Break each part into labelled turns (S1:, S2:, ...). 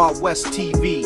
S1: Wild West TV.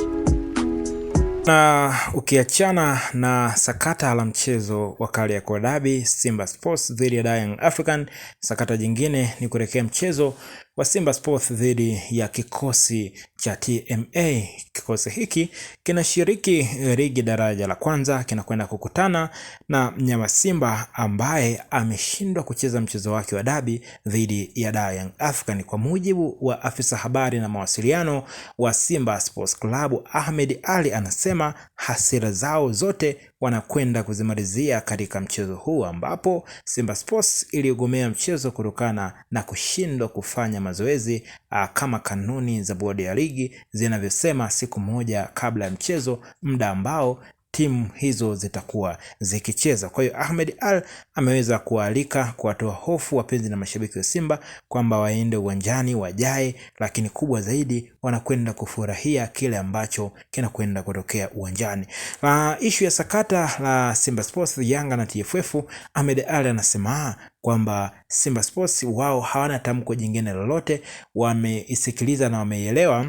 S1: Na ukiachana na sakata la mchezo wa ya kodabi Simba Sports dhidi ya Young African, sakata jingine ni kuelekea mchezo wa Simba Sports dhidi ya kikosi cha TMA. Kikosi hiki kinashiriki ligi daraja la kwanza, kinakwenda kukutana na mnyama Simba ambaye ameshindwa kucheza mchezo wake wa dabi dhidi ya Young African. Kwa mujibu wa afisa habari na mawasiliano wa Simba Sports Club, Ahmed Ali anasema hasira zao zote wanakwenda kuzimalizia katika mchezo huu ambapo Simba Sports iliogomea mchezo kutokana na kushindwa kufanya mazoezi uh, kama kanuni za bodi ya ligi zinavyosema siku moja kabla ya mchezo, muda ambao timu hizo zitakuwa zikicheza. Kwa hiyo Ahmed Ally ameweza kuwaalika kuwatoa hofu wapenzi na mashabiki wa Simba kwamba waende uwanjani wajae, lakini kubwa zaidi wanakwenda kufurahia kile ambacho kinakwenda kutokea uwanjani. Na ishu ya sakata la Simba Sports, Yanga na TFF, Ahmed Ally anasema kwamba Simba Sports wao hawana tamko jingine lolote, wameisikiliza na wameielewa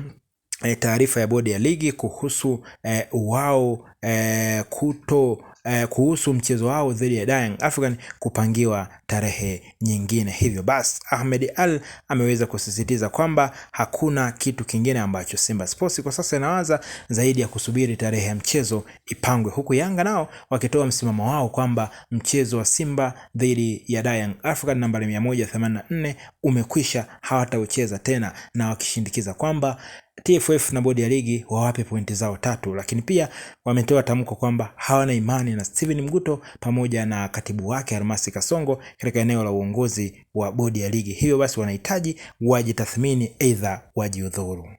S1: e, taarifa ya bodi ya ligi kuhusu e, wao e, kuto Eh, kuhusu mchezo wao dhidi ya Young African kupangiwa tarehe nyingine. Hivyo basi Ahmed Al ameweza kusisitiza kwamba hakuna kitu kingine ambacho Simba Sports kwa sasa inawaza zaidi ya kusubiri tarehe ya mchezo ipangwe, huku Yanga nao wakitoa msimamo wao kwamba mchezo wa Simba dhidi ya Young African nambari 184 umekwisha, hawataucheza tena na wakishindikiza kwamba TFF na bodi ya ligi wawape pointi zao tatu, lakini pia wametoa tamko kwamba hawana imani na Steven Mguto pamoja na katibu wake Almasi Kasongo katika eneo la uongozi wa bodi ya ligi. Hivyo basi wanahitaji wajitathmini, aidha wajiudhuru.